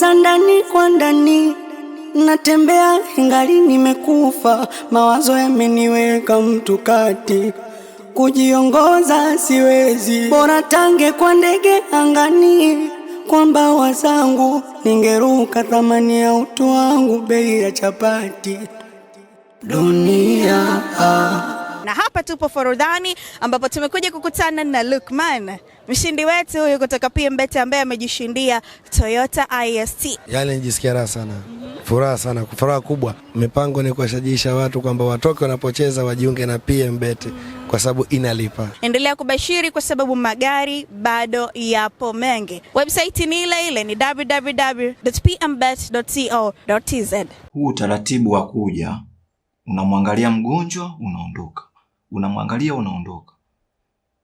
za ndani kwa ndani, natembea ingali nimekufa, mawazo yameniweka mtu kati, kujiongoza siwezi, bora tange kwa ndege angani, kwa mbawa zangu ningeruka, thamani ya utu wangu bei ya chapati. Dunia ah. Na hapa tupo Forodhani ambapo tumekuja kukutana na Lukman, mshindi wetu huyu kutoka PMbet ambaye amejishindia Toyota IST. Yale yaani nijisikia raha sana mm -hmm. Furaha sana, furaha kubwa. Mipango ni kuwashajiisha watu kwamba watoke wanapocheza wajiunge na PMbet kwa sababu inalipa. Endelea kubashiri kwa sababu magari bado yapo mengi. Website ni ile ile, ni www.pmbet.co.tz. Huu utaratibu wa kuja unamwangalia mgonjwa unaondoka unamwangalia unaondoka.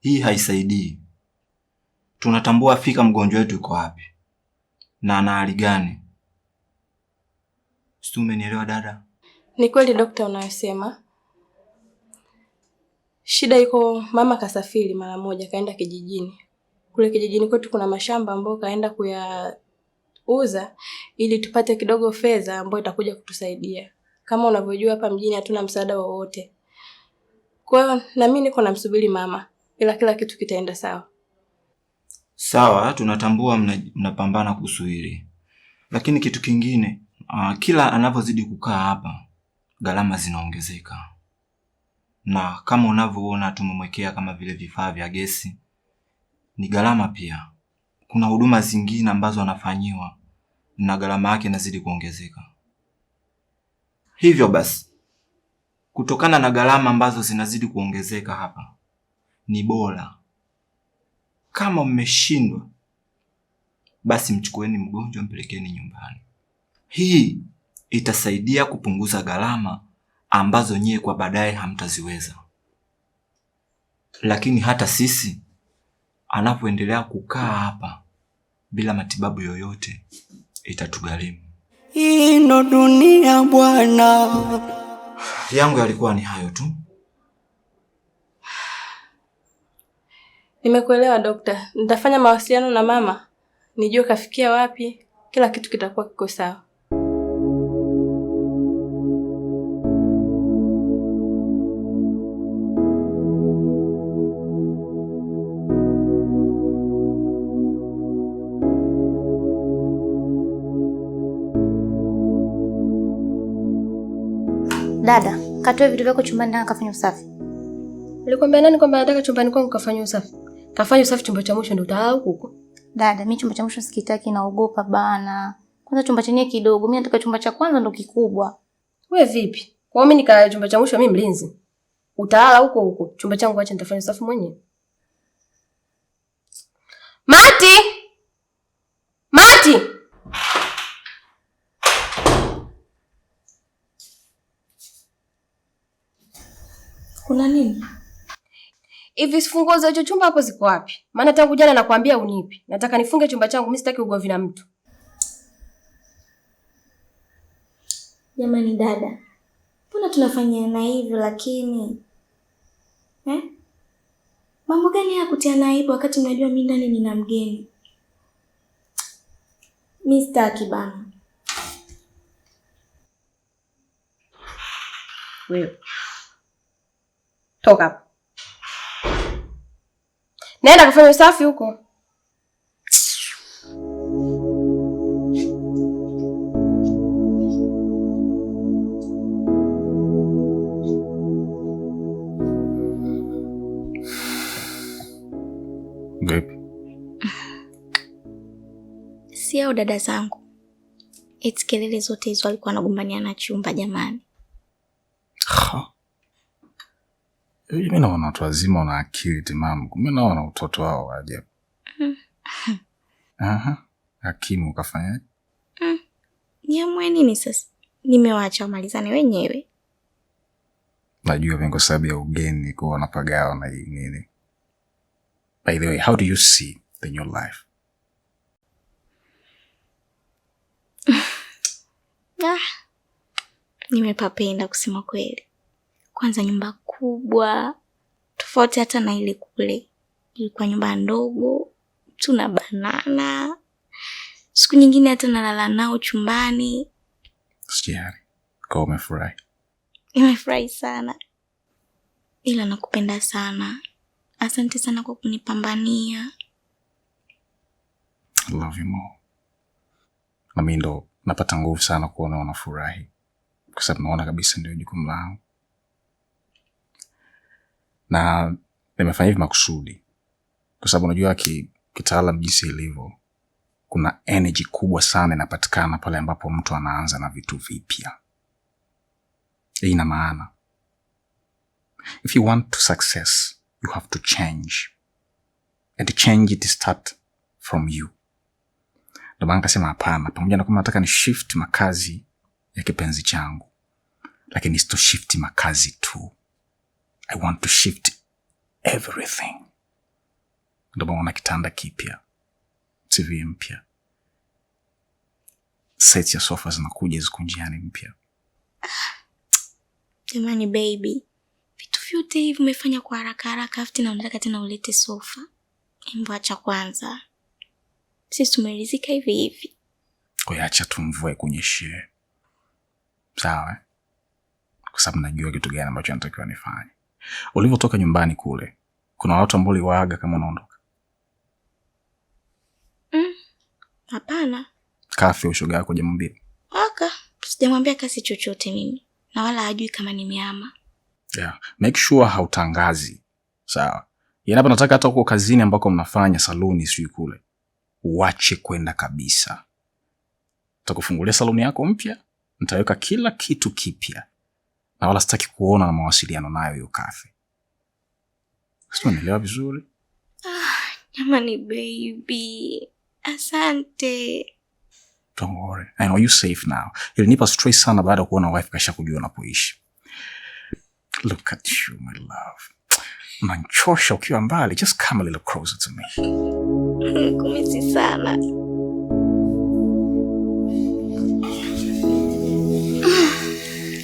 Hii haisaidii. Tunatambua fika mgonjwa wetu yuko wapi na ana hali gani. Si umenielewa dada? Ni kweli dokta, unayosema shida iko. Mama kasafiri mara moja, kaenda kijijini. Kule kijijini kwetu kuna mashamba ambayo kaenda kuyauza ili tupate kidogo fedha ambayo itakuja kutusaidia. Kama unavyojua hapa mjini hatuna msaada wowote. Kwa hiyo na mimi niko namsubiri mama, ila kila kitu kitaenda sawa. Sawa, tunatambua mnapambana kuhusu hili, lakini kitu kingine uh, kila anavyozidi kukaa hapa gharama zinaongezeka, na kama unavyoona tumemwekea kama vile vifaa vya gesi ni gharama pia. Kuna huduma zingine ambazo anafanyiwa na gharama yake inazidi kuongezeka, hivyo basi kutokana na gharama ambazo zinazidi kuongezeka hapa, ni bora kama mmeshindwa, basi mchukueni mgonjwa mpelekeni nyumbani. Hii itasaidia kupunguza gharama ambazo nyie kwa baadaye hamtaziweza. Lakini hata sisi anapoendelea kukaa hapa bila matibabu yoyote itatugharimu. Ino dunia bwana yangu yalikuwa ni hayo tu. Nimekuelewa dokta, nitafanya mawasiliano na mama nijue kafikia wapi, kila kitu kitakuwa kiko sawa. Dada, katoe vitu vyako chumbani, na kafanya usafi. Nilikwambia nani kwamba nataka chumbani kwangu kafanya usafi? Kafanya usafi chumba cha mwisho ndio utahala huko. Dada, mimi chumba cha mwisho sikitaki, naogopa bana. Kwanza chumba chenyewe kidogo, mimi nataka chumba cha kwanza ndio kikubwa. Wewe vipi? Kwa mimi nikalala chumba cha mwisho mimi mlinzi. Utahala huko huko. Chumba changu acha nitafanya usafi mwenyewe. Mati! kuna nini? Hivi funguo za hicho chumba hapo ziko wapi? Maana tangu jana nakwambia unipe. Nataka nifunge chumba changu, mimi sitaki ugomvi na mtu. Jamani dada, mbona tunafanya na hivyo lakini eh? Mambo gani ya kutia aibu wakati mnajua mimi ndani nina mgeni? Mimi sitaki bana. Wewe Toka hapa. Naenda kufanya usafi huko. Si au dada zangu, eti kelele zote hizo alikuwa anagombania na chumba jamani. Eh, mi naona watu wazima wana akili timamu, kumbe naona utoto wao wa ajabu. ukafanyaji mm. hakimu ukafanyaje? Niamue mm. nini sasa? Nimewacha wamalizane wenyewe. Najua vengo sababu ya ugeni kuwa wanapagawa na nini. By the way, how do you see the new life? Ah, nimepapenda kusema kweli. Kwanza nyumba kubwa tofauti hata na ile kule, ilikuwa nyumba ndogo, tuna banana. Siku nyingine hata nalala nao chumbani. Sijari kwa umefurahi? imefurahi sana, ila nakupenda sana. Asante sana kwa kunipambania. Love Nami ndo napata nguvu sana kuona wanafurahi kwa sababu naona kabisa ndio jukumu langu na nimefanya hivi makusudi kwa sababu unajua ki, kitaalam jinsi ilivyo kuna energy kubwa sana inapatikana pale ambapo mtu anaanza na vitu vipya hii ina maana if you want to success you have to change and change it start from you ndomana kasema hapana pamoja na kwamba nataka ni shift makazi ya kipenzi changu lakini sito shift makazi tu I want to shift everything. Ndio maana kitanda kipya, TV mpya, set ya sofa zinakuja zikunjiani mpya. Jamani baby, vitu vyote hivi umefanya kwa haraka haraka, afu tena unataka tena ulete sofa? Embo, acha kwanza, sisi tumeridhika hivi hivi. Kwa acha tu mvua ikunyeshee, sawa, kwa sababu najua kitu gani ambacho natakiwa nifanye. Ulivyotoka nyumbani kule, kuna watu ambao uliwaaga kama unaondoka? Mm, hapana. Mm, kafya ushoga yako hujamwambia? Aka, sijamwambia kasi chochote mimi, na wala hajui kama nimeama. Yeah, make sure hautangazi, sawa? Yanapa, nataka hata huko kazini ambako mnafanya saluni, sijui kule, uache kwenda kabisa. Nitakufungulia saluni yako mpya, nitaweka kila kitu kipya, na wala sitaki kuona na mawasiliano nayo hiyo kafe. Sielewa vizuri jamani. Ah, baby, asante. Don't worry. I know you safe now. Ilinipa stress sana baada ya kuona wife kasha kujua unapoishi. Look at you my love, nanchosha ukiwa mbali. Just come a little closer to me. Kumisi sana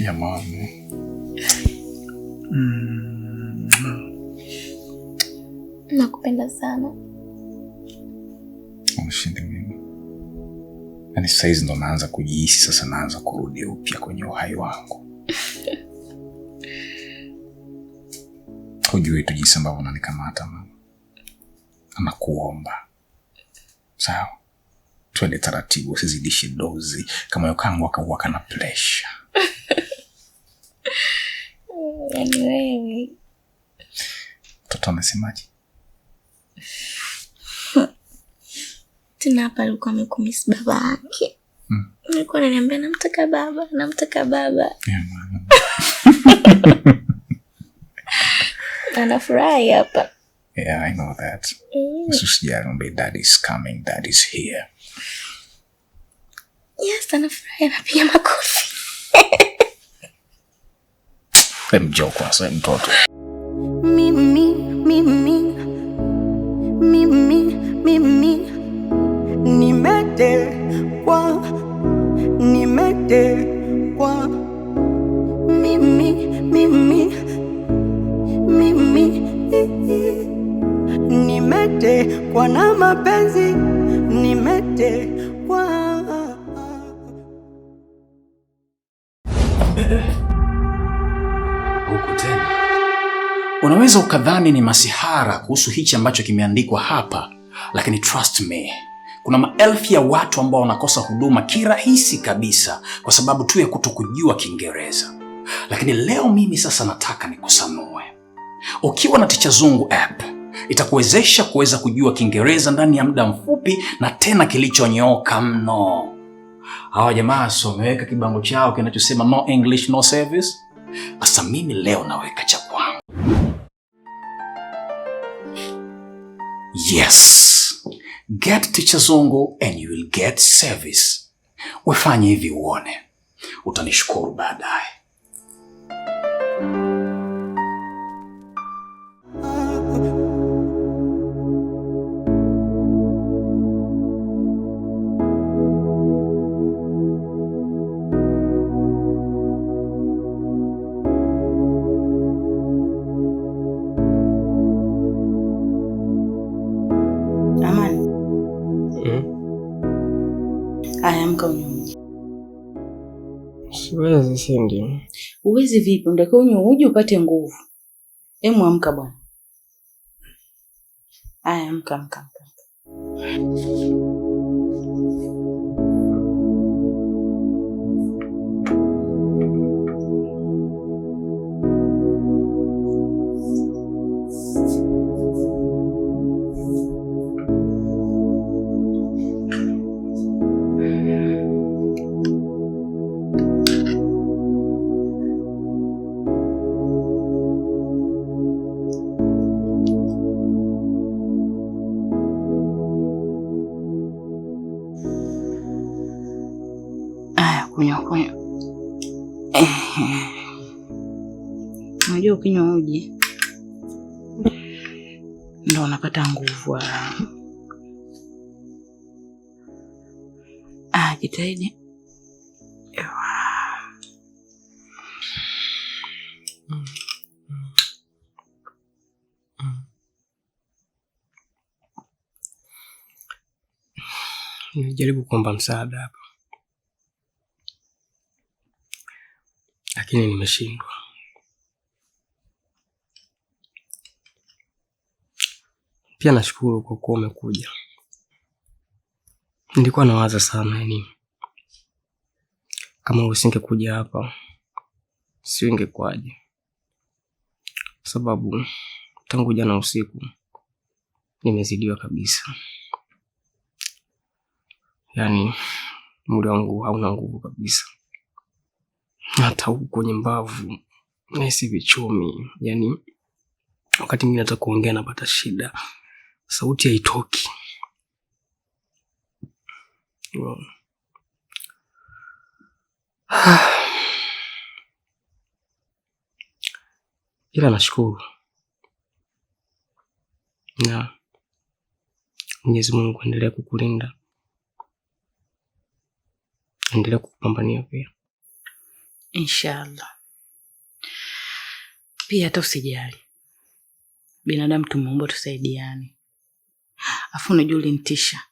yeah, mom. Mm. Nakupenda sana. Unishinde mimi. Yaani sasa hizi ndo naanza kujihisi sasa, naanza kurudi upya kwenye uhai wangu. Hujui tu jinsi ambavyo unanikamata mama. Anakuomba. Sawa. Twende taratibu, usizidishe dozi kama yokangu akaua kana pressure yani wewe mtoto amesemaje? tena hapa alikuwa amekumis baba yake mm. Alikuwa ananiambia namtaka baba, namtaka baba yeah, anafurahi hapa yeah, I know that mm. is coming, is here. Yes, anafurahi, anapiga makofi Mjokwa mtoto mimi mimi fulani ni masihara kuhusu hichi ambacho kimeandikwa hapa, lakini trust me, kuna maelfu ya watu ambao wanakosa huduma kirahisi kabisa kwa sababu tu ya kutokujua Kiingereza. Lakini leo mimi sasa nataka nikusanue. Ukiwa na Ticha Zungu app itakuwezesha kuweza kujua Kiingereza ndani ya muda mfupi na tena kilichonyooka mno. Hawa jamaa so wameweka kibango chao kinachosema no English no service. Sasa mimi leo naweka cha kwangu. Yes. Get Ticha Zongo and you will get service. Wefanye hivi uone, utanishukuru baadaye. Haya, amka unywe uji. Siwezi Sindi. Uwezi vipi? Unatakiwa unywe uji upate nguvu. Emu, amka bwana. Haya, amka amka amka. kunywa. Unajua ukinywa uji ndo unapata nguvu. Ah, jitahidi Nijaribu kuomba msaada hapa. lakini nimeshindwa. Pia nashukuru kwa kuwa umekuja. Nilikuwa nawaza sana, yani kama usingekuja hapa sio kwa sababu tangu jana usiku nimezidiwa kabisa, yani mwili wangu hauna nguvu kabisa hata huko kwenye mbavu nahisi vichumi, yani wakati mwingine hata kuongea napata shida, sauti haitoki. Ila nashukuru na Mwenyezi Mungu endelea kukulinda, endelea kukupambania pia. Inshallah. Pia hata usijali, binadamu tumeumba tusaidiane. Afu unajua ulinitisha,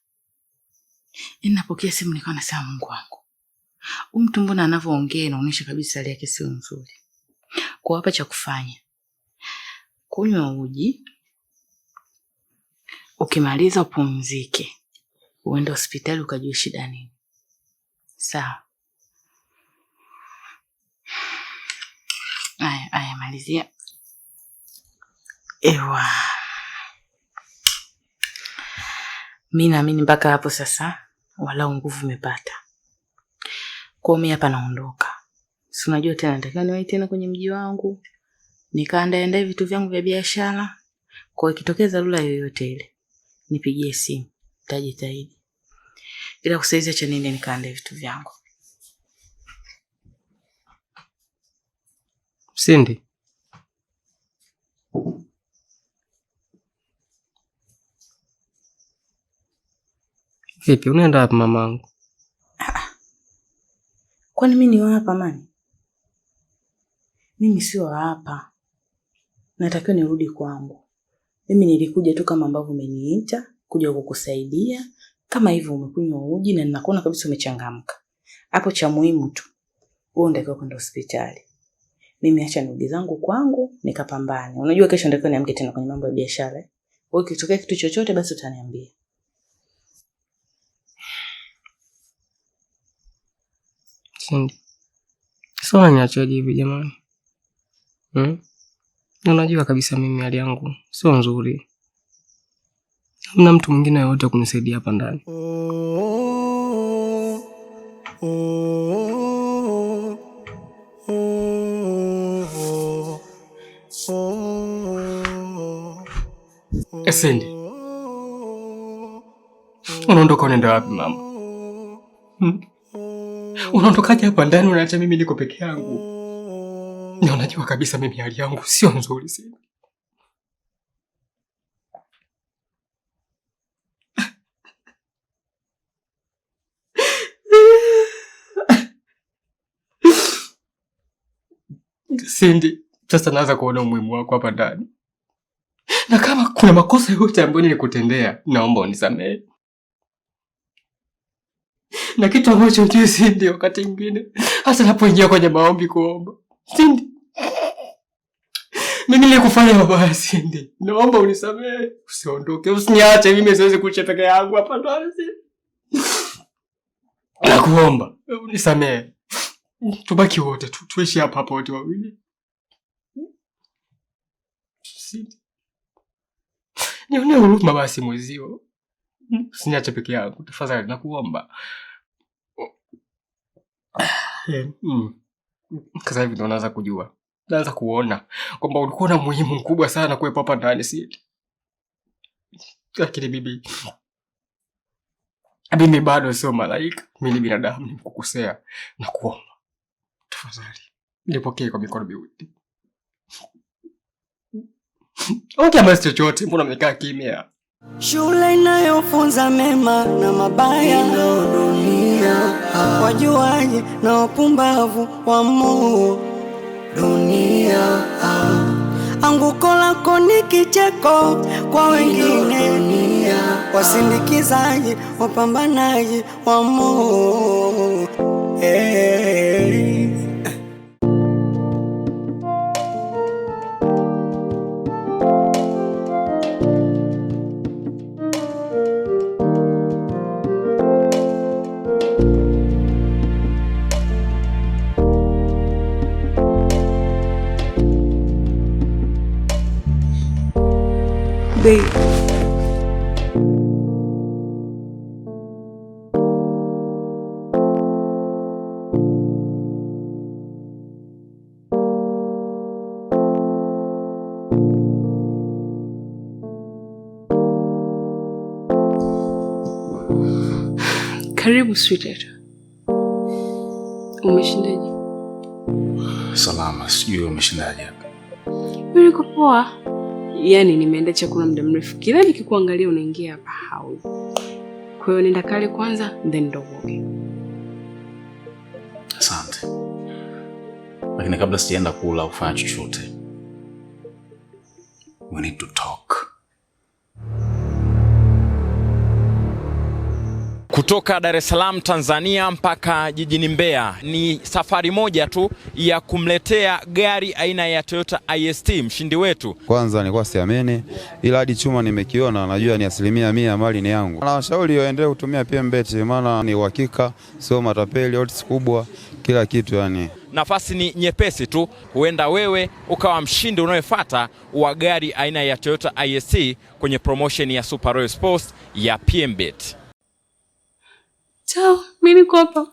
ninapokea simu nikawa nasema, Mungu wangu, huyu mtu mbona anavyoongea inaonyesha kabisa hali yake sio nzuri. Kwa hapa cha kufanya kunywa uji, ukimaliza upumzike, uende hospitali ukajue shida nini. Sawa? Aya, aya, malizia. Ewa, mi naamini mpaka hapo sasa walau nguvu umepata. Kwa mi hapa naondoka, si unajua tena natakiwa niwahi tena kwenye mji wangu nikaandaendae vitu vyangu vya biashara. Kwa ikitokea dharura yoyote ile nipigie simu, tajitahidi ila kusaidia cha nini nikaandae vitu vyangu. Sindi, vipi unaenda wapi mamangu? Kwani mi ni hapa mani? Mimi sio hapa, natakiwa nirudi kwangu. Mimi nilikuja tu kama ambavyo umeniita kuja kukusaidia. Kama hivyo umekunywa uji na ninakuona kabisa umechangamka, hapo cha muhimu tu wewe unatakiwa kwenda hospitali mimi acha nirudi zangu kwangu nikapambane. Unajua kesho ndio niamke tena kwenye mambo ya biashara. hiyo ukitokea kitu chochote basi utaniambia. Sindi. Sasa unaniachaje hivi jamani? Hmm? Unajua kabisa mimi hali yangu sio nzuri. Hamna mtu mwingine yoyote kunisaidia hapa ndani. Oh, oh, oh. Esendi, unaondoka unaenda wapi mama? Hmm? Unaondokaje hapa ndani unaacha mimi niko peke yangu? Na unajua kabisa mimi hali yangu sio nzuri sana. Sindi, sasa naanza kuona umuhimu wako hapa ndani na kama kuna makosa yote ambayo nilikutendea, naomba unisamehe. Na kitu ambacho mjui Sindi, wakati mwingine hasa napoingia kwenye maombi kuomba, Sindi, mimi nilikufanya mabaya Sindi, naomba unisamehe, usiondoke, usiniache mimi, siwezi kuishi peke yangu hapa ndani. Nakuomba unisamehe, tubaki wote tu, tuishi hapa hapa wote wawili Sindi. Nione huruma basi mwezio. Usiniache peke yangu tafadhali nakuomba. Eh, mm. hivi ndo naanza kujua. Naanza kuona kwamba ulikuwa na muhimu mkubwa sana kuwepo hapa ndani si? Lakini bibi, mimi bado sio malaika, mimi ni binadamu, nikukosea na kuomba. Tafadhali nipokee kwa mikono miwili. Ongea basi chochote, mbona mmekaa kimya? Shule inayofunza mema na mabaya, dunia wajuaji na wapumbavu wamo dunia. Anguko lako ni kicheko kwa wengine, wasindikizaji, wapambanaji wamo eh. bei. Karibu sweetheart. Umeshindaje? Salama, sijui umeshindaje. Niko poa yani nimeenda chakula muda mrefu, kila nikikuangalia unaingia hapa hauli. Kwa hiyo nenda kale kwanza, then ndo uoge. Asante, lakini kabla sijaenda kula ufanya chochote, we need to talk. Kutoka Dar es Salaam Tanzania mpaka jijini Mbeya ni safari moja tu ya kumletea gari aina ya Toyota IST mshindi wetu. Kwanza nilikuwa siamini, ila hadi chuma nimekiona, najua ni asilimia mia mali ni yangu. Nawashauri waendelee kutumia PMbet, maana ni uhakika, sio matapeli, odds kubwa, kila kitu yani nafasi ni nyepesi tu, huenda wewe ukawa mshindi unayefuata wa gari aina ya Toyota IST kwenye promotion ya Super Royal Sports ya PMbet. Sawa, mi niko hapa.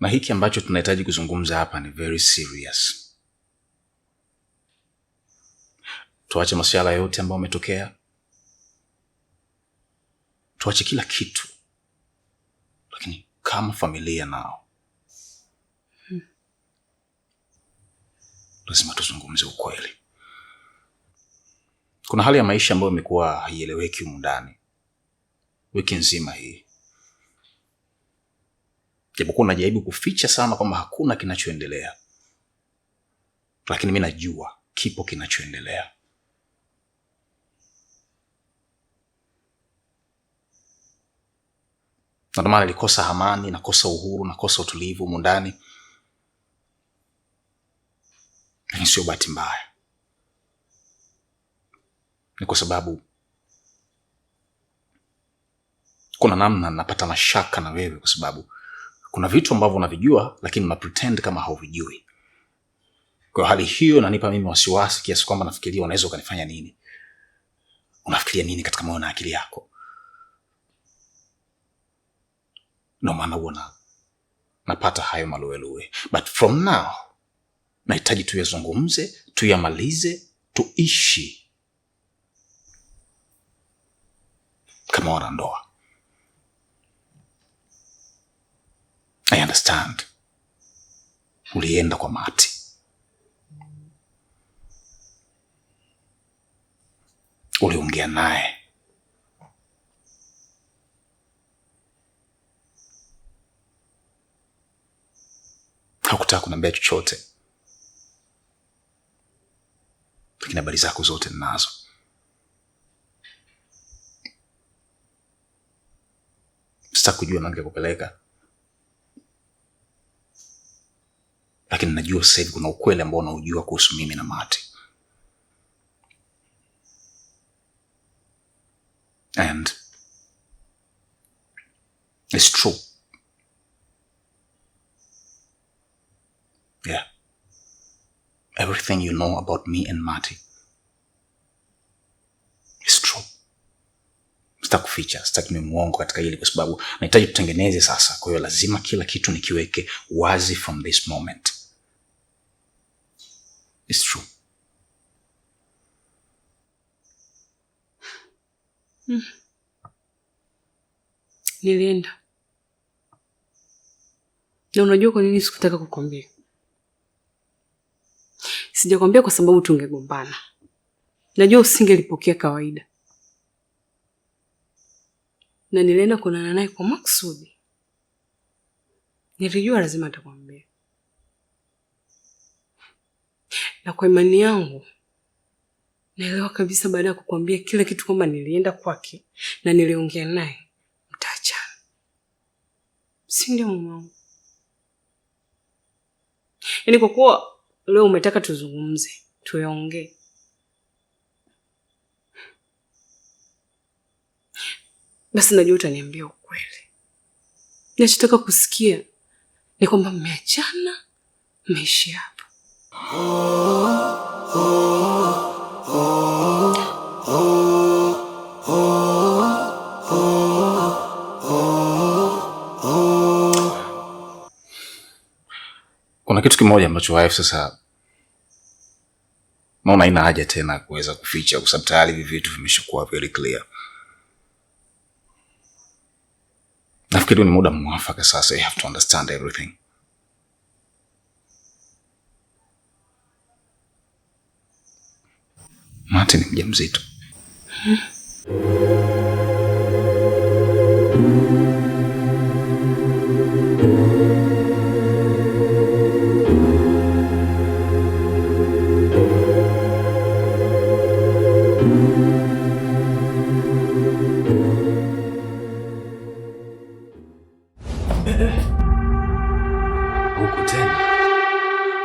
Na hiki ambacho tunahitaji kuzungumza hapa ni very serious. Tuache masuala yote ambayo umetokea, tuache kila kitu, lakini kama familia nao hmm, lazima tuzungumze ukweli. Kuna hali ya maisha ambayo imekuwa haieleweki humu ndani, wiki nzima hii japokuwa unajaribu kuficha sana kwamba hakuna kinachoendelea, lakini mi najua kipo kinachoendelea. Nadomana likosa amani, nakosa uhuru, nakosa utulivu mundani, lakini sio bahati mbaya, ni kwa sababu kuna namna napata mashaka na wewe kwa sababu kuna vitu ambavyo unavijua lakini una pretend kama hauvijui. Kwa hali hiyo nanipa mimi wasiwasi kiasi kwamba nafikiria unaweza ukanifanya nini. Unafikiria nini katika moyo na akili yako? no maana huwa napata hayo maluelue, but from now nahitaji tuyazungumze, tuyamalize, tuishi kama wanandoa. I understand. Ulienda kwa Mati. Uliongea naye. Hakutaka kuniambia chochote, lakini habari zako zote ninazo. sita kujua kupeleka lakini najua sasa hivi kuna ukweli ambao unaujua kuhusu mimi na mati And it's true. Yeah. Everything you know about me and Mati is true. Sitakuficha, sitaki ni mwongo katika hili, kwa sababu nahitaji tutengeneze sasa. Kwa hiyo lazima kila kitu nikiweke wazi from this moment. It's true. Hmm. Nilienda na unajua kwa nini sikutaka kukwambia? Sijakwambia kwa sababu tungegombana. Najua usingelipokea kawaida, na nilienda kuonana naye kwa maksudi. Nilijua lazima atakwambia. na kwa imani yangu naelewa kabisa, baada ya kukwambia kila kitu kwamba nilienda kwake na niliongea naye, mtaachana, si ndio mume wangu? Yaani kwa kuwa leo umetaka tuzungumze, tuyaongee, basi najua utaniambia ukweli. Nachotaka kusikia ni kwamba mmeachana, mmeishi hapa. Kuna kitu kimoja ambacho wife sasa naona ina haja tena kuweza kuficha kwa sababu tayari hivi vitu vimeshakuwa very clear. Nafikiri ni muda mwafaka sasa, you have to understand everything. Bahati ni mjamzito.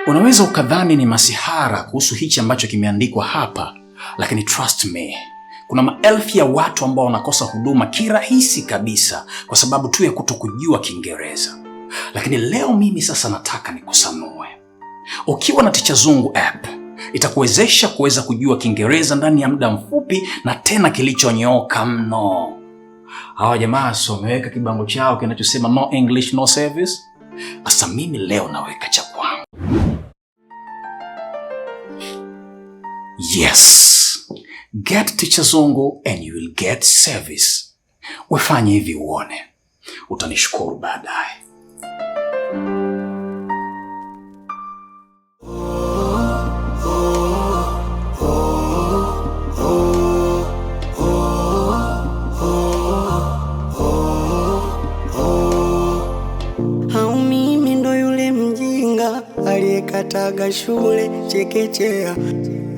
Unaweza ukadhani ni masihara kuhusu hichi ambacho kimeandikwa hapa lakini trust me, kuna maelfu ya watu ambao wanakosa huduma kirahisi kabisa kwa sababu tu ya kutokujua Kiingereza. Lakini leo mimi sasa nataka nikusanue. Ukiwa na Ticha Zungu app itakuwezesha kuweza kujua Kiingereza ndani ya muda mfupi na tena kilichonyooka mno. Hawa jamaa so wameweka kibango chao kinachosema no English no service. Asa mimi leo naweka cha kwangu. Yes. Get Ticha Zongo and you will get service. Wefanye hivi uone, utanishukuru baadaye. Haumimi yule mjinga aliyekataga shule chekechea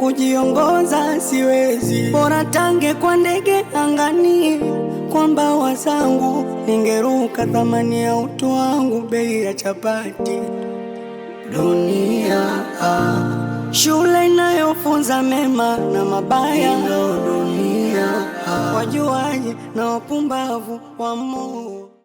kujiongoza siwezi, bora tange kwa ndege angani, kwa mbawa zangu ningeruka. Thamani ya utu wangu bei ya chapati. Dunia ah, shule inayofunza mema na mabaya. Dunia ah, wajuaji na wapumbavu wa Mungu.